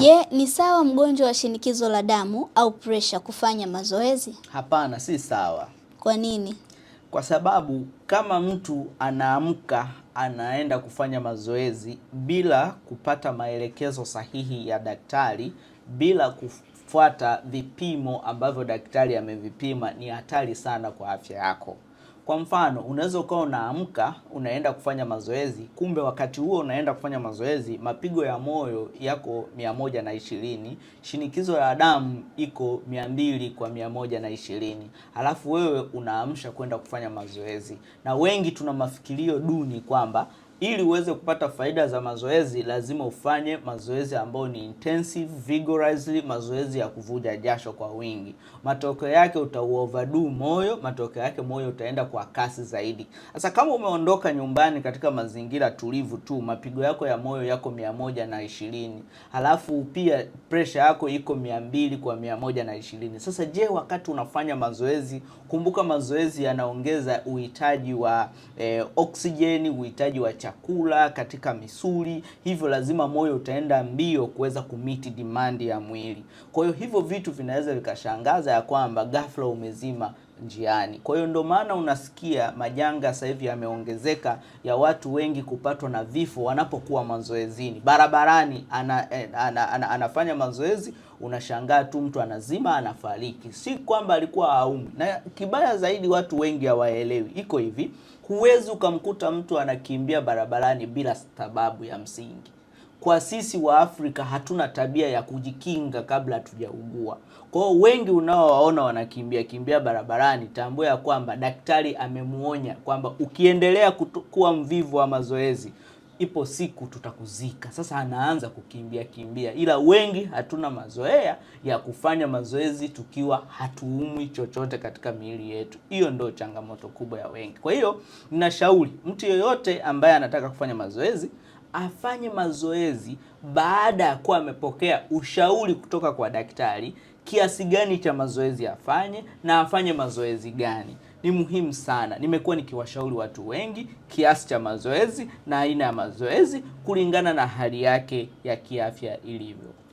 Je, ni sawa mgonjwa wa shinikizo la damu au presha kufanya mazoezi? Hapana, si sawa. Kwa nini? Kwa sababu kama mtu anaamka anaenda kufanya mazoezi bila kupata maelekezo sahihi ya daktari, bila kufuata vipimo ambavyo daktari amevipima, ni hatari sana kwa afya yako. Kwa mfano, unaweza ukawa unaamka unaenda kufanya mazoezi, kumbe wakati huo unaenda kufanya mazoezi mapigo ya moyo yako mia moja na ishirini, shinikizo la damu iko mia mbili kwa mia moja na ishirini, halafu wewe unaamsha kwenda kufanya mazoezi. Na wengi tuna mafikirio duni kwamba ili uweze kupata faida za mazoezi lazima ufanye mazoezi ambayo ni intensive vigorously, mazoezi ya kuvuja jasho kwa wingi. Matokeo yake utauoverdo moyo, matokeo yake moyo utaenda kwa kasi zaidi. Sasa kama umeondoka nyumbani katika mazingira tulivu tu, mapigo yako ya moyo yako mia moja na ishirini, halafu pia pressure yako iko mia mbili kwa mia moja na ishirini. Sasa je, wakati unafanya mazoezi, kumbuka mazoezi yanaongeza uhitaji wa eh, oksijeni, uhitaji wa chakula chakula, katika misuli, hivyo lazima moyo utaenda mbio kuweza kumiti demand ya mwili. Kwa hiyo hivyo vitu vinaweza vikashangaza ya kwamba ghafla umezima njiani. Kwa hiyo ndio maana unasikia majanga sasa hivi yameongezeka ya watu wengi kupatwa na vifo wanapokuwa mazoezini barabarani, ana, ana, ana, ana, anafanya mazoezi unashangaa tu mtu anazima anafariki, si kwamba alikuwa haumwi. Na kibaya zaidi, watu wengi hawaelewi, iko hivi, huwezi ukamkuta mtu anakimbia barabarani bila sababu ya msingi kwa sisi wa Afrika hatuna tabia ya kujikinga kabla hatujaugua. Kwa hiyo wengi unaowaona wanakimbia kimbia barabarani, tambua ya kwamba daktari amemuonya kwamba ukiendelea kuwa mvivu wa mazoezi ipo siku tutakuzika. Sasa anaanza kukimbia kimbia, ila wengi hatuna mazoea ya kufanya mazoezi tukiwa hatuumwi chochote katika miili yetu. Hiyo ndio changamoto kubwa ya wengi. Kwa hiyo ninashauri mtu yoyote ambaye anataka kufanya mazoezi afanye mazoezi baada ya kuwa amepokea ushauri kutoka kwa daktari, kiasi gani cha mazoezi afanye na afanye mazoezi gani. Ni muhimu sana. Nimekuwa nikiwashauri watu wengi kiasi cha mazoezi na aina ya mazoezi kulingana na hali yake ya kiafya ilivyo.